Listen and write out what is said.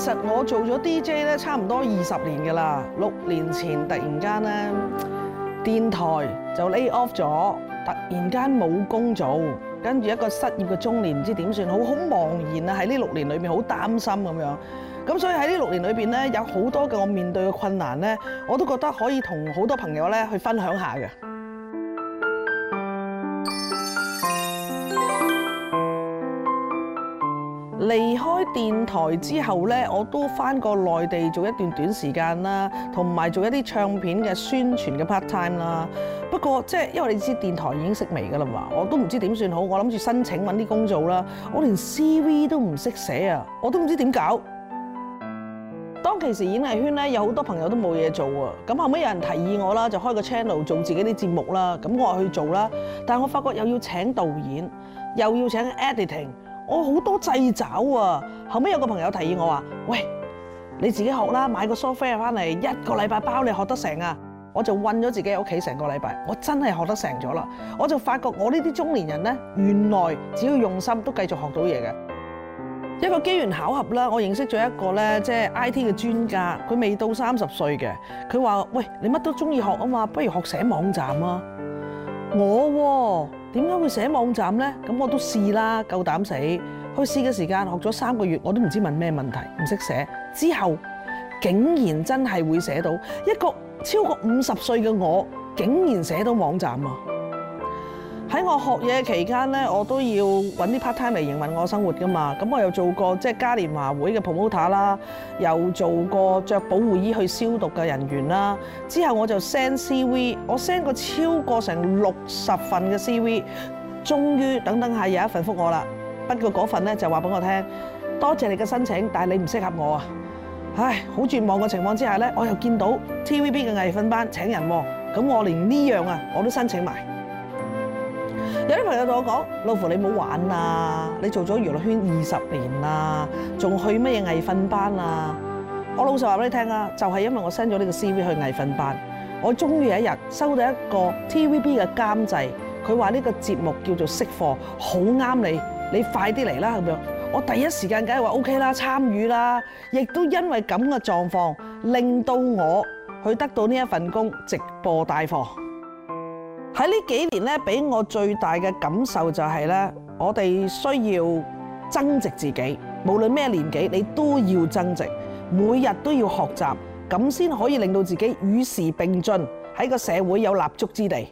其實我做咗 DJ 咧，差唔多二十年㗎啦。六年前突然間咧，電台就 lay off 咗，突然間冇工做，跟住一個失業嘅中年，唔知點算，好好茫然啊！喺呢六年裏面，好擔心咁樣。咁所以喺呢六年裏面咧，有好多嘅我面對嘅困難咧，我都覺得可以同好多朋友咧去分享下嘅。離開電台之後呢，我都翻過內地做一段短時間啦，同埋做一啲唱片嘅宣傳嘅 part time 啦。不過即係因為你知電台已經息微㗎啦嘛，我都唔知點算好，我算我。我諗住申請揾啲工做啦。我連 CV 都唔識寫啊，我都唔知點搞。當其時演藝圈呢，有好多朋友都冇嘢做啊。咁後尾有人提議我啦，就開個 channel 做自己啲節目啦。咁我去做啦，但我發覺又要請導演，又要請 editing。我好多掣肘啊！後尾有個朋友提議我話：，喂，你自己學啦，買個 software 翻嚟一個禮拜包你學得成啊！我就韞咗自己喺屋企成個禮拜，我真係學得成咗啦！我就發覺我呢啲中年人呢，原來只要用心都繼續學到嘢嘅。一個機緣巧合啦，我認識咗一個呢，即係 I T 嘅專家，佢未到三十歲嘅。佢話：，喂，你乜都中意學啊嘛，不如學寫網站啊！我喎。點解會寫網站呢？咁我都試啦，夠膽死。去試嘅時間學咗三個月，我都唔知問咩問題，唔識寫。之後竟然真係會寫到一個超過五十歲嘅我，竟然寫到網站啊！喺我學嘢期間咧，我都要搵啲 part time 嚟營運我生活噶嘛。咁我又做過即係嘉年華會嘅 promoter 啦，又做過着保護衣去消毒嘅人員啦。之後我就 send CV，我 send 過超過成六十份嘅 CV，終於等等下有一份覆我啦。不過嗰份咧就話俾我聽，多謝你嘅申請，但係你唔適合我啊。唉，好絕望嘅情況之下咧，我又見到 TVB 嘅藝訓班請人喎，咁我連呢樣啊我都申請埋。有啲朋友同我講：路芙你唔好玩啦，你做咗娛樂圈二十年啦，仲去乜嘢藝訓班啊？我老實話俾你聽啊，就係因為我 send 咗呢個 CV 去藝訓班，我終於有一日收到一個 TVB 嘅監製，佢話呢個節目叫做識貨，好啱你，你快啲嚟啦咁樣。我第一時間梗係話 OK 啦，參與啦，亦都因為咁嘅狀況，令到我去得到呢一份工，直播帶貨。喺呢幾年咧，俾我最大嘅感受就係咧，我哋需要增值自己，無論咩年紀，你都要增值，每日都要學習，咁先可以令到自己與時並進，喺個社會有立足之地。